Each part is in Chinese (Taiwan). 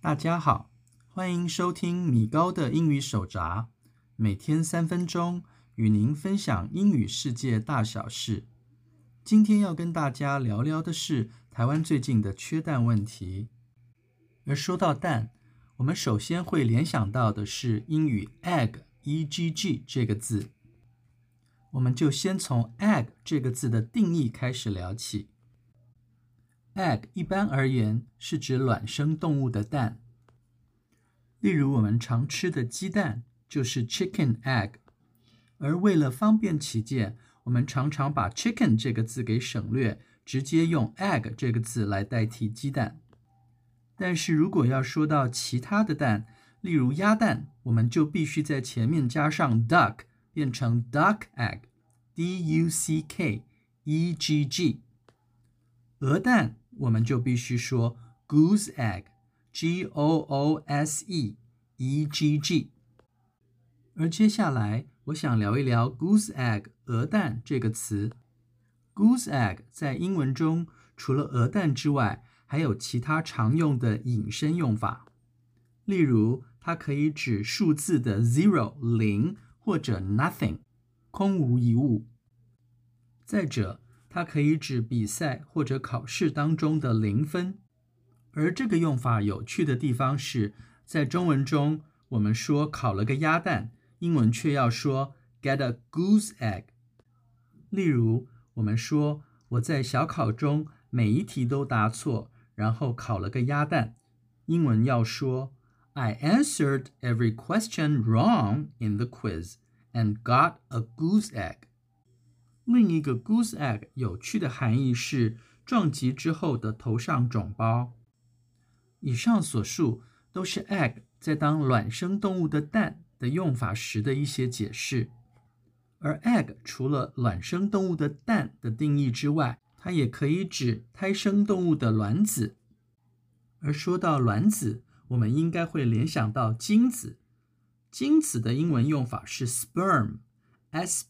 大家好，歡迎收聽米高的英語手札，每天三分鐘與您分享英語世界大小事。今天要跟大家聊聊的是台灣最近的缺蛋問題。而說到蛋，我們首先會聯想到的是英語 egg、egg 這個字。我們就先從 egg 這個字的定義開始聊起。egg 一般而言是指卵生動物的蛋，例如我們常吃的雞蛋就是 chicken egg，而為了方便起見，我們常常把 chicken 這個字給省略，直接用 egg 這個字來代替雞蛋。但是如果要說到其他的蛋，例如鴨蛋，我們就必須在前面加上 duck，變成 duck egg，D U C K E G G，鵝蛋。我們就必須說 goose egg，G-O-O-S-E-E-G-G、e e。而接下來，我想聊一聊 goose egg 鵝蛋這個詞。goose egg 在英文中，除了鵝蛋之外，還有其他常用的引申用法。例如，它可以指數字的 zero 零，或者 nothing 空無一物。再者，它可以指比賽或者考試當中的零分，而這個用法有趣的地方是在中文中我們說考了個鴨蛋，英文卻要說 Get a goose egg。例如，我們說我在小考中每一題都答錯，然後考了個鴨蛋，英文要說 I answered every question wrong in the quiz, and got a goose egg。另一個 goose egg 有趣的含義是撞擊之後的頭上腫包。以上所述都是 egg 在當卵生動物的蛋的用法時的一些解釋，而 egg 除了卵生動物的蛋的定義之外，它也可以指胎生動物的卵子。而說到卵子，我們應該會聯想到精子。精子的英文用法是 sperm，S。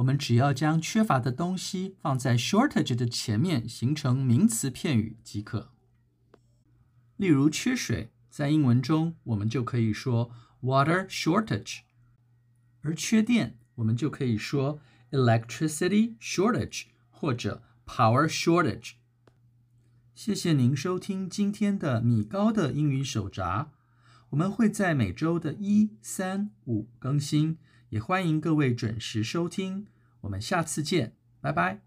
我們只要將缺乏的東西放在 shortage 的前面，形成名詞片語即可。例如，缺水，在英文中我們就可以說 water shortage，而缺電，我們就可以說 electricity shortage 或者 power shortage。謝謝您收聽今天的米高的英語手札，我們會在每周的一、三、五更新。也歡迎各位準時收聽，我們下次見，拜拜。